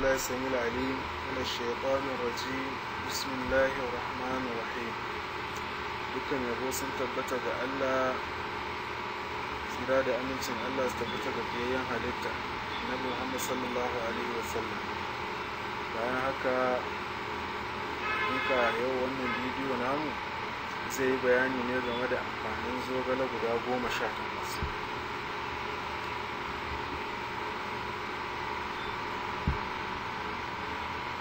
بالله السميع العليم من الشيطان الرجيم بسم الله الرحمن الرحيم dukkan yabo sun tabbata ga Allah tsira da amincin Allah su tabbata ga biyayyen halitta na Muhammad sallallahu alaihi bayan haka duka yau wannan bidiyo namu zai yi bayani ne game da amfanin zogale guda goma sha takwas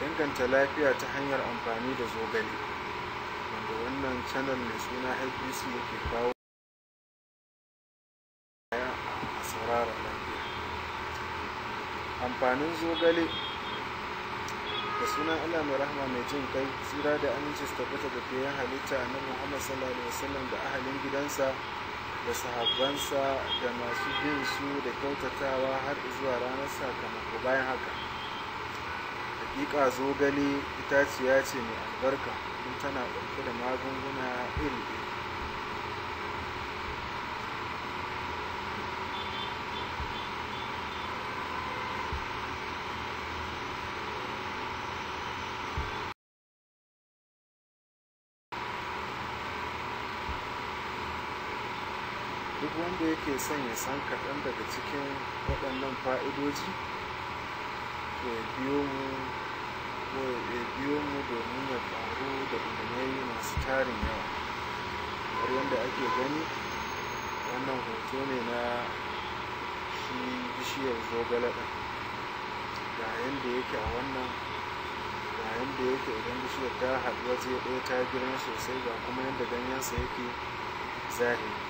inganta lafiya ta hanyar amfani da zogale wanda wannan channel mai suna hbc yake kawo a sauraron lafiya amfanin zogale da sunan allah mai rahama mai jin kai tsira da aminci su tabbata da fiye halitta na muhammad sallallahu alaihi wasallam da ahalin gidansa da sahabbansa da masu bin su da kyautatawa har zuwa ranar sakamako bayan haka hakika zogale itaciya ce mai albarka in tana ɗauke da magunguna iri duk wanda yake son ya san kaɗan daga cikin waɗannan fa'idoji ya biyo mu ko ya biyo mu domin ya faru da ilmai masu tarin yawa kamar yadda ake gani wannan hoto ne na shi bishiyar zogale ɗin ga yadda yake a wannan ga yadda yake idan bishiyar ta haɗu waje ɗaya ta girma sosai ga kuma yadda ganyensa yake zahiri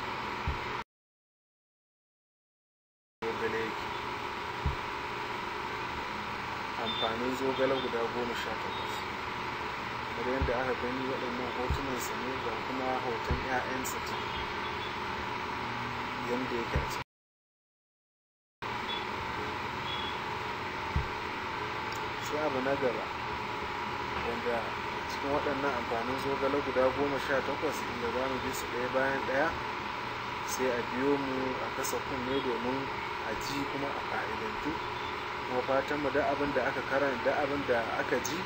zogale guda goma sha takwas kamar yadda aka gani waɗannan hotunansa ne ga kuma hoton 'ya'yansa ce yadda yake a cikin sai abu na gaba wanda cikin waɗannan amfanin zogale guda goma sha takwas inda za mu bi su ɗaya bayan ɗaya sai a biyo mu a kasa kunne domin a ji kuma a fa'idantu kuma fatan mu da abin da aka karanta da abin da aka ji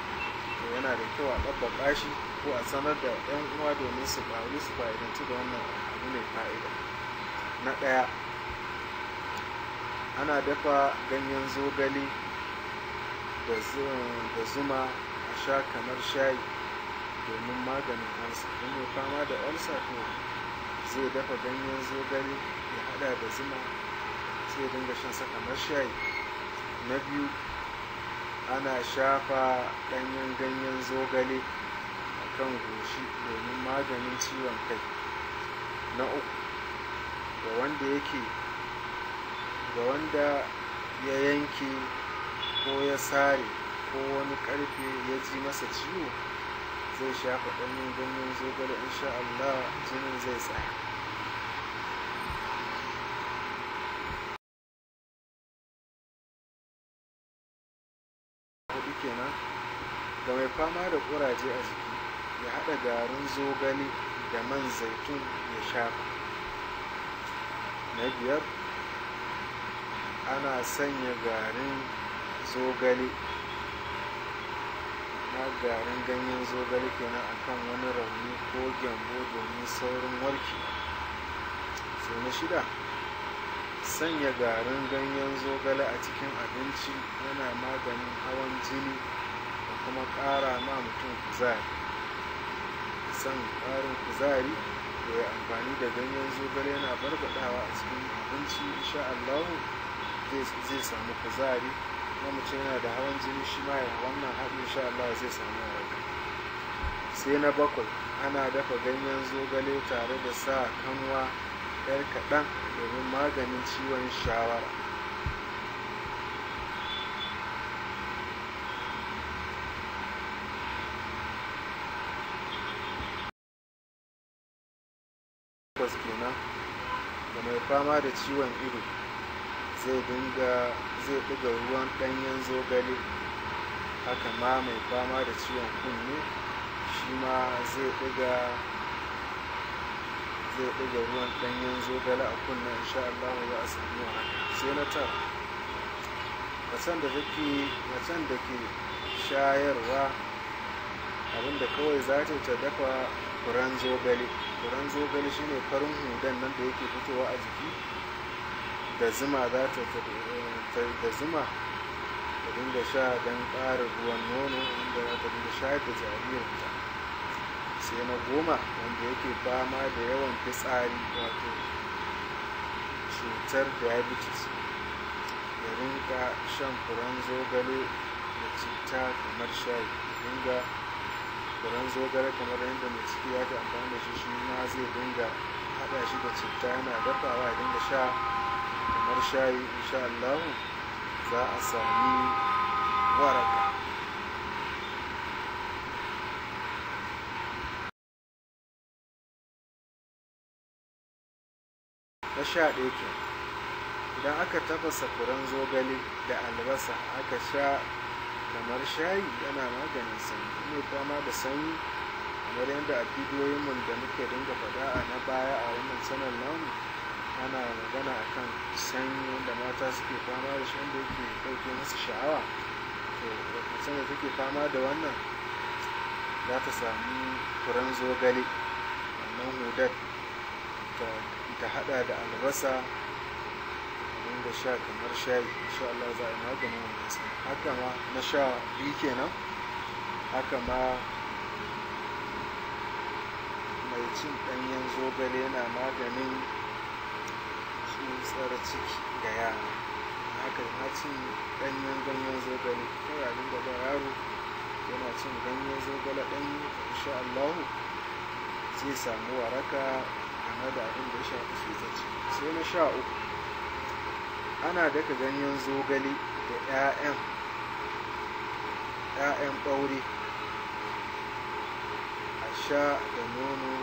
to yana da kyau a ɗabbaka shi ko a sanar da 'yan uwa domin su ƙaru su fa'idanci da wannan abu mai fa'ida na ɗaya ana dafa ganyen zogale da zuma a sha kamar shayi domin maganin ansa in fama da ulsa to zai dafa ganyen zogale ya hada da zuma sai dinga shan sa kamar shayi na biyu ana shafa ɗanyen ganyen zogale a kan goshi domin maganin ciwon kai na uku ga wanda yake ga wanda ya yanke ko ya sare ko wani ƙarfe ya ji masa ciwo zai shafa ɗanyen ganyen zogale insha Allah jinin zai tsaya kenan ga mai fama da kuraje a jiki ya haɗa garin zogale da man zaitun ya shafa na biyar ana sanya garin zogale na garin ganyen zogale kenan akan wani rauni ko gyambo domin saurin warki. sai na shida sanya garin ganyen zogale a cikin abinci yana maganin hawan jini da kuma kara ma mutum kuzari san ƙarin kuzari da ya amfani da ganyen zogale yana barbadawa a cikin abinci insha Allah zai samu kuzari na mutum yana da hawan jini shi ma ya wannan haɗin insha Allah zai samu waraka sai na bakwai ana dafa ganyen zogale tare da sa kanwa 'yar kaɗan domin maganin ciwon shawara takwas kenan da mai fama da ciwon ido zai dinga zai ɗiga ruwan ɗanyen zogale haka ma mai fama da ciwon kunne shi ma zai ɗiga zai ɗiga ruwan ɗanyen zogale a kunna insha Allah za a samu waraka sai na tara da da ke shayarwa abinda kawai za ta ta dafa furan zogale furen zogale shine farin hudan nan da yake fitowa a jiki da zuma za ta da zuma ta dinga sha don ƙara ruwan nono inda ta dinga shayar da jaririnta sai na goma wanda yake fama da yawan fitsari wato cutar diabetes ya rinka shan furen zogale da citta kamar shayi dinga furen zogale kamar yadda mai ciki ya fi amfani da shi shi ma zai dinga haɗa shi da citta yana dafawa ya dinga sha kamar shayi insha Allah za a sami waraka na sha ɗaya ke idan aka tafasa furen zogale da albasa aka sha kamar shayi yana maganin sanyi mai fama da sanyi kamar yadda a bidiyoyinmu da muke dinga faɗa a na baya a wannan sanar namu ana magana akan sanyi wanda mata suke fama da shi wanda yake ɗauke musu sha'awa to mutum da take fama da wannan za ta samu furen zogale wannan hudar ka hada da albasa da sha kamar shayi insha Allah za a yi maganin wannan sai haka ma na sha biyu kenan haka ma mai cin ɗanyen zogale yana maganin tsutsar ciki ga yara haka na cin ɗanyen ganyen zogale kawai abin da ba yaro yana cin ganyen zogale ɗanyi insha Allah zai samu waraka game da abin da shafi su sai na sha uku ana daka ganyen zogale da 'ya'yan ‘ya'yan ɓaure a sha da nono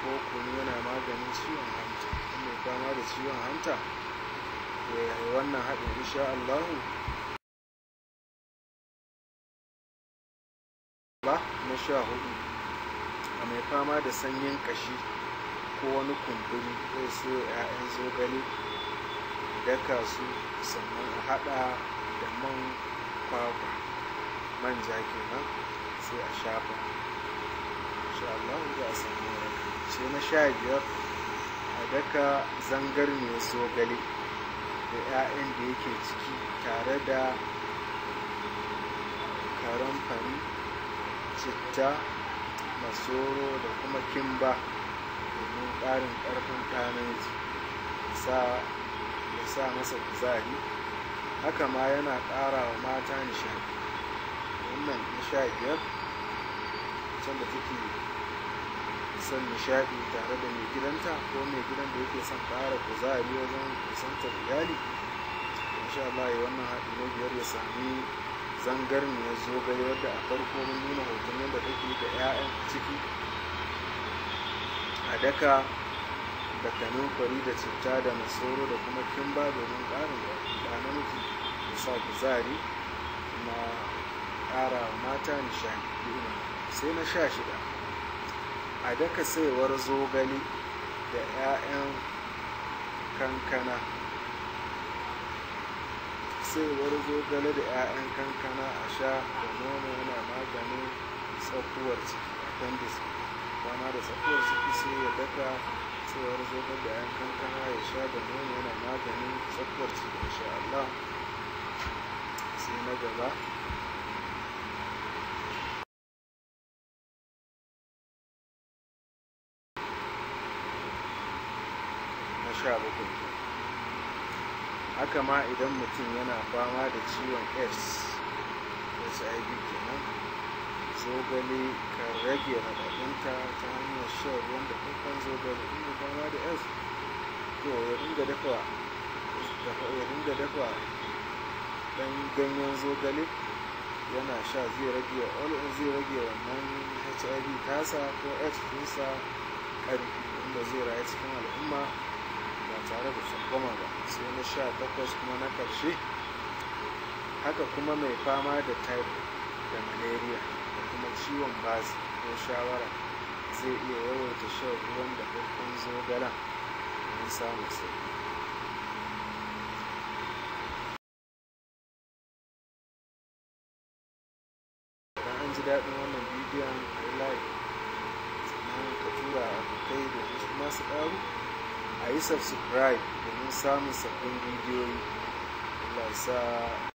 ko kunu yana maganin ciwon hanta mai fama da ciwon hanta ya wannan haɗin insha Allahu ba na sha hudu a mai fama da sanyin ƙashi ko wani kumburi ko su 'ya'yan zogale daka su sannan a haɗa da man kwakwa manja kenan sai a shafa insha Allah za a samu waraka sai na sha biyar a daka zangar zangarniyar zogale da 'ya'yan da yake ciki tare da karamfani citta masoro da kuma kimba domin ƙarin ƙarfin ɗanaji da sa masa kuzari haka ma yana ƙara wa mata nishadi wannan nishadiyar can da take son nishadi tare da mai gidanta ko mai gidan da yake son ƙara kuzari wajen kusantar iyali insha Allah ya wannan haɗi na biyar ya sami zangarniyar zogale wadda a farko mun nuna hoton yadda take da 'ya'yan ciki a daka da kanunfari da citta da masoro da kuma kimba domin ƙarin da namiji da sa kuzari na ƙara mata nishani sai na sha shida a daka saiwar zogale da 'ya'yan kankana saiwar zogali da 'ya'yan kankana a sha da nono yana maganin tsakuwar ciki appendix kwana da sakuwar ciki sai ya daka cewar zoɓar da yan kankana ya sha da nuna yana maganin su da sha Allah sai na gaba na sha bakwai haka ma idan mutum yana fama da ciwon aids hiv kenan zogale ka rage raɗaɗinta ta hanyar shan ruwan da faifan zogale inda dama da yanzu to ya dinga dafa ɗan ganyen zogale yana sha zai rage zai rage wannan hiv tasa ko aids ɗinsa ƙarfi wanda zai rayu cikin al'umma ba tare da tsangwama ba sai na sha takwas kuma na ƙarshe haka kuma mai fama da type da malaria kuma ciwon bazi ko shawara zai iya yawaita shan ruwan farkon zogalen don samun sauki idan an ji daɗin wannan bidiyon a yi like sannan ka tura abokai domin su masu ƙaru a yi subscribe domin samun sabbin bidiyoyi Allah sa